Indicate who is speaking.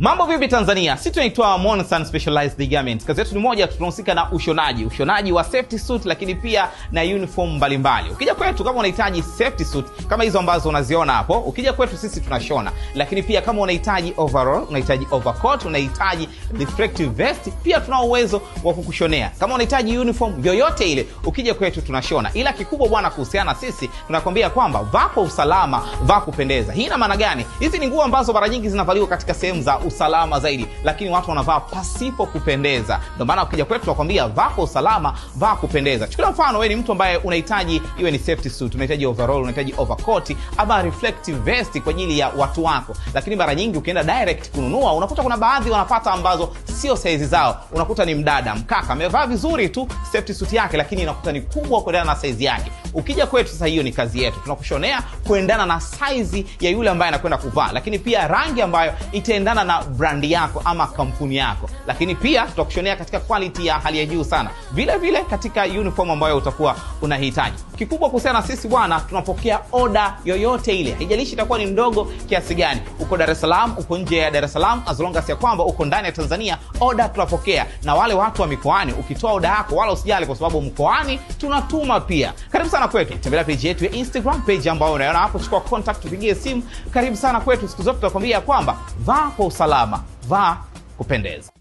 Speaker 1: Mambo vipi Tanzania? Sisi tunaitwa Monsan Specialized Garments. Kazi yetu ni moja, tunahusika na ushonaji, ushonaji wa safety suit, lakini pia na uniform mbalimbali. Ukija kwetu kama unahitaji safety suit kama hizo ambazo unaziona hapo, ukija kwetu sisi tunashona, lakini pia kama unahitaji overall, unahitaji overcoat, unahitaji reflective vest, pia tuna uwezo wa kukushonea. Kama unahitaji uniform yoyote ile, ukija kwetu tunashona. Ila kikubwa bwana, kuhusiana sisi tunakwambia kwamba vaa kwa usalama, vaa kupendeza. Hii ina maana gani? Hizi ni nguo ambazo mara nyingi zinavaliwa katika sehemu za usalama zaidi, lakini watu wanavaa pasipo kupendeza. Ndio maana ukija kwetu tunakwambia vaa kwa usalama, vaa kupendeza. Chukulia mfano, wee ni mtu ambaye unahitaji iwe ni safety suit, unahitaji overall, unahitaji overcoat ama reflective vest kwa ajili ya watu wako, lakini mara nyingi ukienda direct kununua unakuta kuna baadhi wanapata ambazo sio saizi zao. Unakuta ni mdada mkaka amevaa vizuri tu safety suit yake, lakini inakuta ni kubwa kuendana na saizi yake. Ukija kwetu sasa, hiyo ni kazi yetu, tunakushonea kuendana na saizi ya yule ambaye anakwenda kuvaa, lakini pia rangi ambayo itaendana na brandi yako ama kampuni yako, lakini pia tutakushonea katika kwaliti ya hali ya juu sana, vile vile katika uniform ambayo utakuwa unahitaji. Kikubwa kuhusiana na sisi bwana, tunapokea oda yoyote ile, haijalishi itakuwa ni ndogo kiasi gani. Uko Dar es Salaam, uko nje ya Dar es Salaam, as ya kwamba uko ndani ya Tanzania, oda tunapokea. Na wale watu wa mikoani, ukitoa oda yako wala usijali, kwa sababu mkoani tunatuma pia. Karibu sana kwetu, tembelea peji yetu ya Instagram, peji ambayo unaona hapo. Chukua contact, tupigie simu. Karibu sana kwetu, siku zote tunakwambia kwamba vaa kwa usalama, vaa kupendeza.